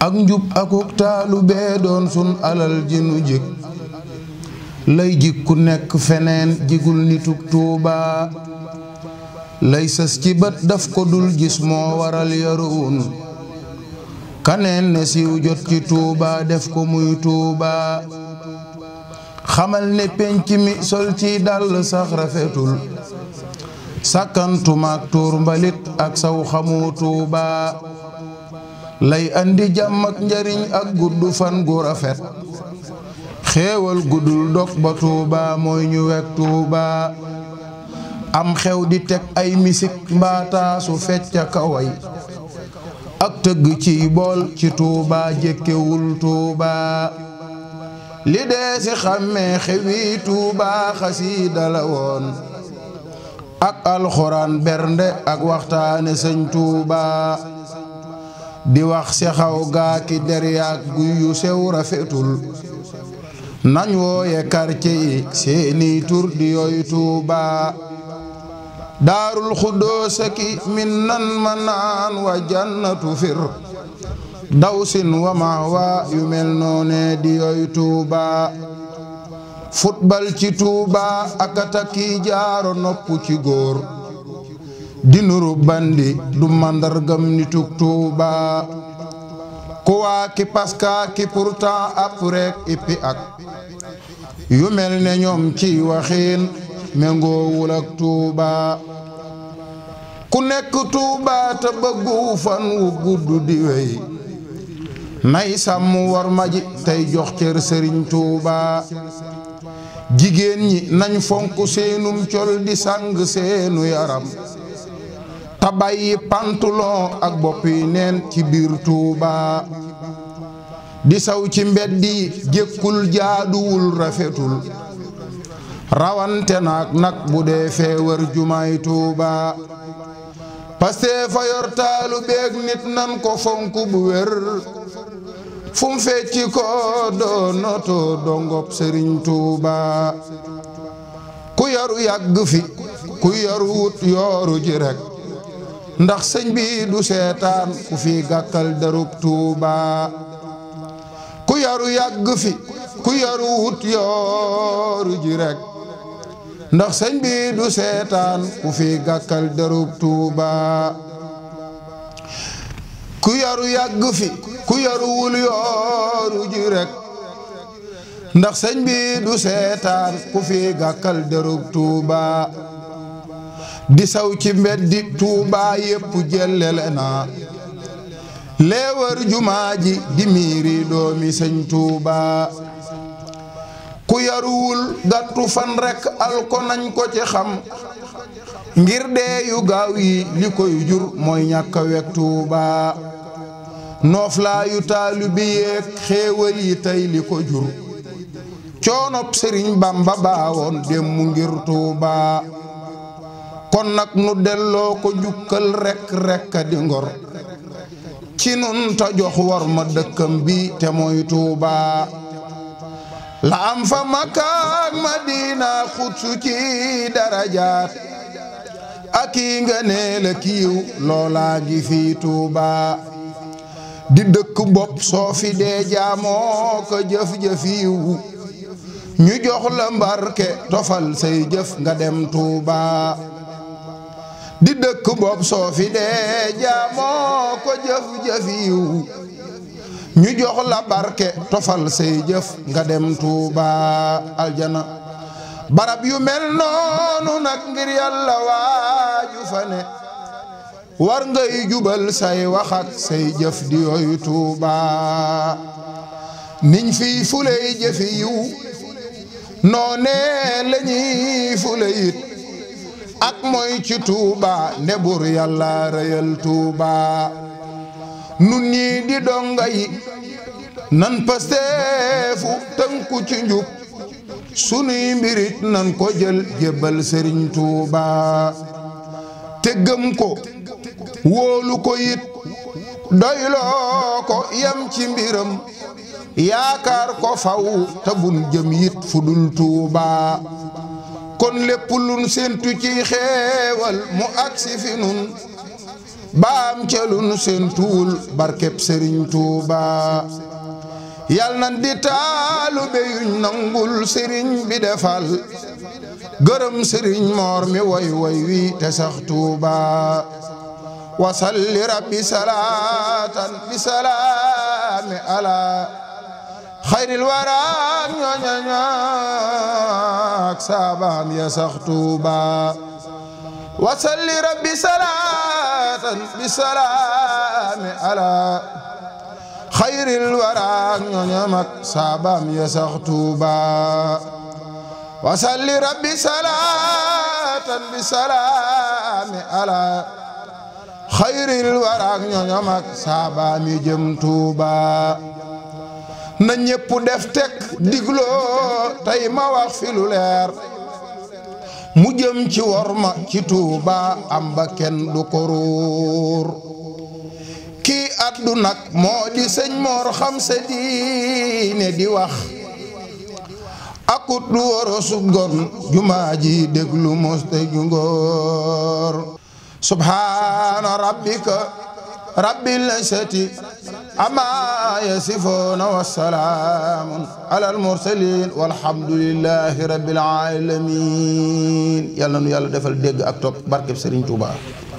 ak njub akuk taalu bee doon sun alal ji nu jik lay jik ku nekk feneen jigul nituk tuuba lay sës ci bët daf ko dul gis moo waral yaruun kaneen ne siiw jot ci tuuba def ko muy tuuba xamal ne penc mi sol ci dàll sax rafetul sàkkantumaak tuur mbalit ak saw xamu tuuba lay indi jàmm ak njariñ ak gudd fan gu rafet xéewal guddul dog ba tuuba mooy ñu weg tuuba am xew di teg ay misik mbaataasu fecca kaway ak tëgg ciy bool ci tuuba jékkewul tuuba li dee xàmmee xewi tuuba xasiida woon ak alxuraan bernde ak waxtaane sëñ tuuba di wax si xaw gaa ki der yaag guy yu sew rafetul nañ wooye quartier yi seeni tur di yooyu Tuuba daarul xuddoos ki min nan ma naan wa jannatu fir dawsin wa mahwa yu mel noone di yooyu Tuuba futbal ci Tuuba ak takki jaaro nopp ci góor di nuru bandi du màndargam nituk Tuuba ku waa ki paska ki pourtant ab rek ipi ak yu mel ne ñoom ci waxiin méngoowul ak Tuuba ku nekk Tuuba te bëggu fan wu gudd di wey nay sàmm war ma tey jox cër sëriñ Tuuba jigéen ñi nañ fonk seenum col di sang seenu yaram tabayyi pantoulon ak bopp yi neen ci biir Touba di saw ci mbedd yi jékkul jaaduwul rafetul rawante naak nag bu dee feewar jumaay Touba Pastef fa yor taalu beeg nit nan ko fonk bu wér fum fecci ko doonoto dongob Sëriñ Touba ku yaru yàgg fi ku yaru wut yooru ji ndax sëñ bi du seetaan ku fi gàkkal darub Tuuba ku yaru yàgg fi ku yaru wut yooru ji rek ndax sëñ bi du seetaan ku fi gàkkal darub Tuuba ku yaru yàgg fi ku yaru wul yooru ji ndax sëñ bi du seetaan ku fi gàkkal darub Tuuba di saw ci mbeddi Tuubaa yépp jëllele naa leewar jumaa ji di miiri doomi sëñ Tuubaa ku yaruwul gàttu fan rekk al ko nañ ko ci xam ngir dee yu gaaw yi li koy jur mooy ñàkk a weg Tuubaa nooflaayu taalibe xéewal yi tey li ko jur coonop Sëriñ Bamba baawoon dem ngir Tuubaa kon nag nu delloo ko jukkal rekk rekk di ngor ci nun ta jox war ma dëkkam bi te mooy Tuuba la am fa Makka ak Madina xutsu ci darajaat ak yi nga nee la kiiw loolaa gi fii Tuuba di dëkk bopp soo fi dee jaamoo ko jëf-jëfiw ñu jox la mbarke tofal say jëf nga dem Tuuba di dëkk boob soo fi dee jaamoo ko jëf-jëf ñu jox la barke tofal say jëf nga dem Tuuba aljana barab yu mel noonu nag ngir yàlla waaju fa ne war ngay jubal say wax ak say jëf di yooyu Tuuba niñ fiy fuley jëfi yiw noonee lañuy fuleyit ak moy ci Touba ne bur yàlla rëyal Touba nun ñii di donga nan pasteefu tënku ci njub sunuy mbirit nan ko jël jébbal Serigne Touba te ko wóolu ko yit doyloo ko yam ci mbiram yaakaar ko faw te jëm yit fu dul Touba kon lépp lun ci xeewal mu agsi fi nun baam ca lun sentuwul barkeb Sëriñ Tuuba yal nan di taalube yuñ nangul sëriñ bi defal gërëm sëriñ moor mi way way wi te sax Tuuba wasalli rabbi salaatan bi salaami ala xayril waraak ñooña ñaak saabaam ya tuuba wasalli rabbi rabbi salaatan bi salaami ala xayril waraak ñooña mag saabaam yi tuuba na ñépp def teg digloo tey ma wax fi mu jëm ci wor ma ci Tuuba am kenn du ko ruur kii addu nag moo di sëñ Moor xam sa diine di wax akut du woro su jumaa ji déglu moste ju ngóor subhaana rabbika rabbil izzati amma yasifuuna wa salaamun alal mursaliin walhamdulillaahi rabbil aalamiin yal na nu yàlla defal dégg ak topp barkeb Serigne Touba.